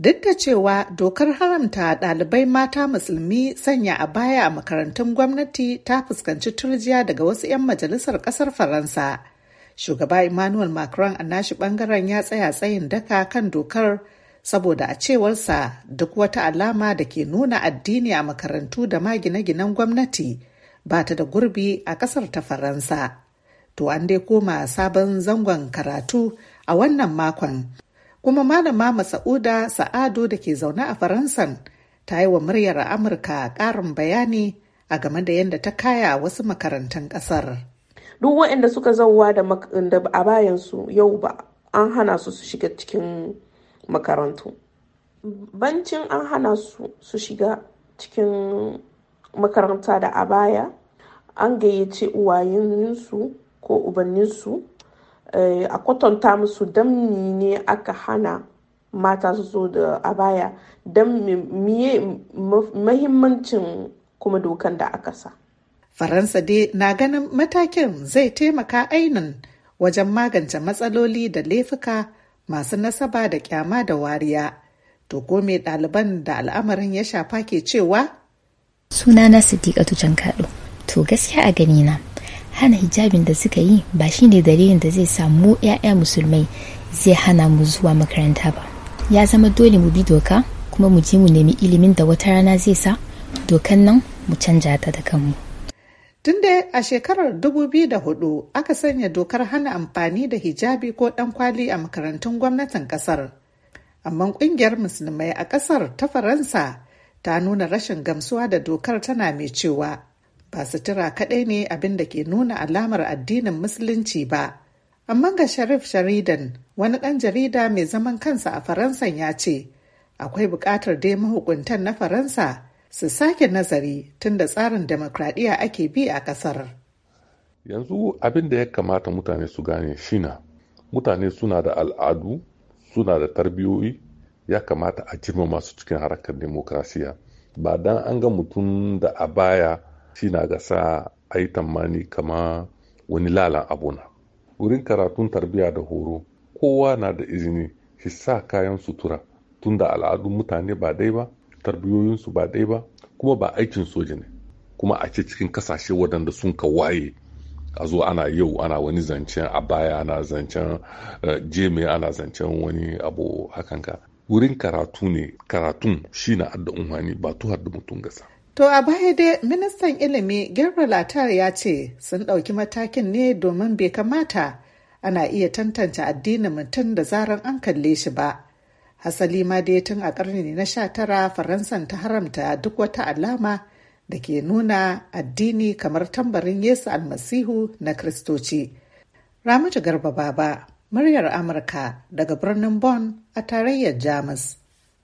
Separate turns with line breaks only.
Duk da cewa dokar haramta ɗalibai mata musulmi sanya a baya a makarantun gwamnati ta fuskanci turjiya daga wasu 'yan majalisar ƙasar Faransa. Shugaba Emmanuel Macron a nashi ɓangaren ya tsaya tsayin daka kan dokar saboda a cewarsa duk wata alama da ke nuna addini a makarantu da ma gine-ginen gwamnati ba ta da gurbi a ƙasar ta Faransa. To an dai koma sabon zangon karatu a wannan makon kuma malama Masa'uda Sa'ado da ke zaune a Faransan ta yi wa muryar Amurka ƙarin bayani a game da yadda ta kaya wasu makarantun ƙasar. Duk waɗanda
suka zauwa da a bayansu yau ba an hana su su shiga cikin makarantu. Bancin an hana su su shiga cikin makaranta da a baya an gayyace uwayensu ko ubanninsu Eh, a kwatanta musu damni ne aka hana mata su zo da a baya miye mahimmancin kuma dokan da aka sa. Faransa dai na ganin matakin zai taimaka
ainin wajen magance matsaloli da laifuka masu nasaba da kyama da wariya. To me ɗaliban da al'amarin ya shafa ke cewa? Suna Sunana Siddiqatu Jankaɗo. To gaskiya a ganina hana hijabin da suka yi ba shine dalilin da zai samu 'ya'ya musulmai zai hana mu zuwa makaranta ba ya zama dole mu bi doka kuma mu je mu nemi ilimin da wata rana zai sa dokan nan mu canja ta da kanmu tun da a shekarar 2004 aka sanya dokar hana amfani da hijabi ko dan kwali a makarantun gwamnatin kasar amma kungiyar musulmai a kasar ta faransa ta nuna rashin gamsuwa da dokar tana mai cewa ba sutura kaɗai ne abin da ke nuna alamar addinin musulunci ba. Amma ga Sharif Sharidan, wani ɗan jarida mai zaman kansa a Faransan ya ce, akwai buƙatar dai mahukuntan na Faransa su sake nazari tunda tsarin demokradiyya ake bi a ƙasar.
Yanzu abin da ya kamata mutane su gane shina, mutane suna da al'adu, suna da tarbiyoyi, ya kamata a girmama masu cikin harkar demokrasiya. Ba dan an ga mutum da a baya shi na ga sa a yi tammani kama wani lalan abuna wurin karatun tarbiyya da horo kowa na da izini shi sa kayan sutura tun da al'adun mutane ba dai ba tarbiyoyinsu ba dai ba kuma ba aikin soja ne kuma a ce cikin kasashe waɗanda sun ka waye a zo ana yau ana wani zancen a baya ana zancen eh, jeme ana zancen wani abu hakanka. wurin karatu ne karatun shi na adda umarni, ba tuhar da mutum gasa
To a baya dai ministan ilimi Gerba Latar ya ce sun ɗauki matakin ne domin bai kamata ana iya tantance addinin mutum da zaran an kalle shi ba. Hasali ma dai tun a ƙarni na sha tara Faransan ta haramta duk wata alama da ke nuna addini kamar tambarin Yesu almasihu na Kristoci. Ramatu Garba Baba, muryar Amurka daga birnin Bonn a tarayyar Jamus.